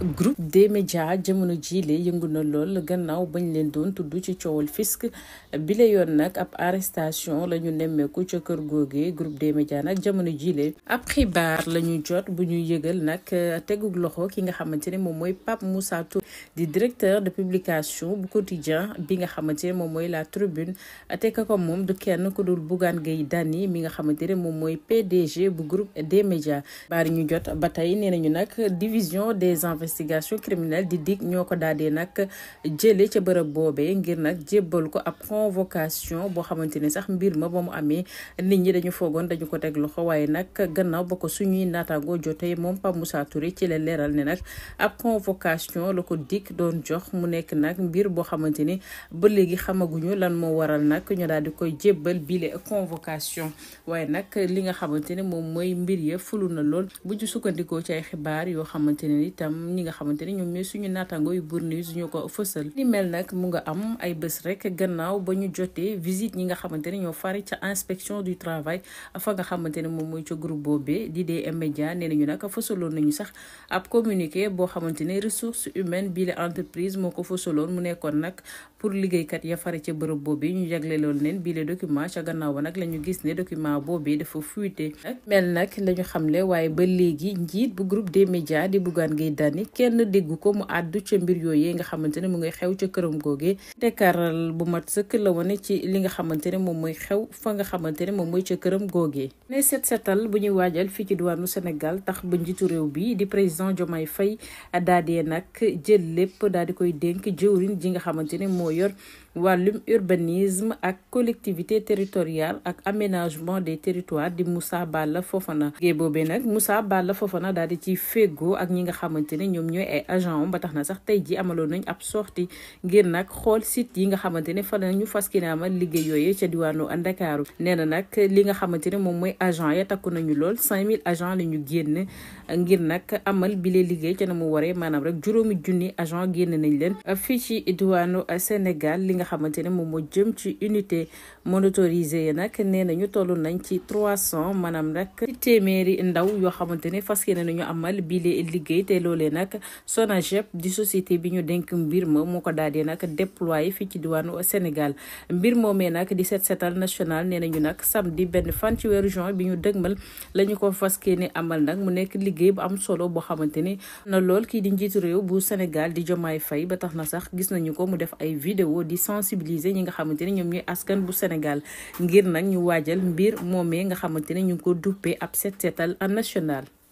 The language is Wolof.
groupe des médias jamono jiile yëngu na lool gannaaw bañ leen doon tudd ci coowal fisc bi la yoon nag ab arrestation la ñu nemmeeku ca kër googee groupe des médias nag jamono jiile ab xibaar la ñu jot bu ñuy yëgal nag euh, tegug loxo ki nga xamante ne moom mooy Pape Moussa Touré di directeur de publication bu quotidien bi nga xamante ne moom mooy la tribune te ko moom du kenn ku dul Bougane Gueye Dany mi nga xamante ne moom mooy PDG bu groupe des médias baar ñu jot investigation criminelle di dig ñoo ko daal di nag jëlee ca bërëb boobee ngir nag jébbal ko ab convocation boo xamante ni sax mbir ma ba mu amee nit ñi dañu foogoon dañu ko teg loxo waaye nag gannaaw ba ko suñuy naataangoo jotee moom Pape Moussa Touré ci la leeral ne nag ab convocation la ko dig doon jox mu nekk nag mbir boo xamante ni ba léegi xamaguñu lan moo waral nag ñu daal di koy jébbal bile convocation waaye nag li nga xamante moom mooy mbir ya fulu na lool bu sukkandikoo ci ay xibaar yoo xamante itam ñi nga xamante ni ñoom ñooy suñu naataango yu Burnews ñu ko fësal li mel nag mu nga am ay bés rek gannaaw ba ñu jotee visite ñi nga xamante ni ñoo fari ca inspection du travail fa nga xamante ne moom mooy ca groupe boobee di dee média nee nañu nag fësaloon nañu sax ab communiqué boo xamante ne ressources humaines bii la entreprise moo ko fësaloon mu nekkoon nag pour liggéeykat ya fari ca bërëb boobee ñu jagleeloon leen bii le document ca gannaaw ba nag la ñu gis ne document boobee dafa fuité mel nag la ñu xamle waaye ba léegi njiit bu groupe des médias di Bougane Gueye Dany ni kenn dégg ko mu àddu ca mbir yooyee nga xamante ne mu ngay xew ca këram googee dekaaral bu mat sëkk la wane ci li nga xamante ne moom mooy xew fa nga xamante ne moom mooy ca këram googee ne set setal bu ñuy waajal fii ci diwaanu Sénégal tax ba njiitu réew bi di président Diomaye Faye daal di nag jël lépp daal di koy dénk jëwriñ ji nga xamante ne moo yor wàllum urbanisme ak collectivité territoriale ak aménagement de territoires di Moussa Balla Fofana. liggéey boobee nag Moussa Balla Fofana daal di ci ñoom ñooy ay agent om ba tax na sax tey ji amaloon nañ ab sortie ngir nag xool sit yi nga xamante ne fa nañu fas ki amal liggéey yooyu ca diwaanu Ndakaaru nee na nag li nga xamante ne moom mooy agent ya takku nañu lool 5000 agent la ñu génn ngir nag amal lee liggéey ca na mu waree maanaam rek juróomi junni agent génn nañ leen fii ci diwaanu Sénégal li nga xamante ne moom moo jëm ci unité motorisée yi nag nee nañu toll nañ ci 300 maanaam nag téeméeri ndaw yoo xamante nag SONAGED di société bi ñu denk mbir ma moo ko daal di nag déployé fii ci diwaanu Sénégal mbir moomee nag di set setal national nee nañu nag samedi benn fan ci weeru juin bi ñu dëgmal la ñu ko faskee ne amal nag mu nekk liggéey bu am solo boo xamante ni na lool kii di njiitu réew bu Sénégal di Jomaay Faye ba tax na sax gis nañu ko mu def ay vidéo di sensibiliser ñi nga xamante ni ñoom ñooy askan bu Sénégal ngir nag ñu waajal mbir moomee nga xamante ni ñu ngi ko duppee ab set setal national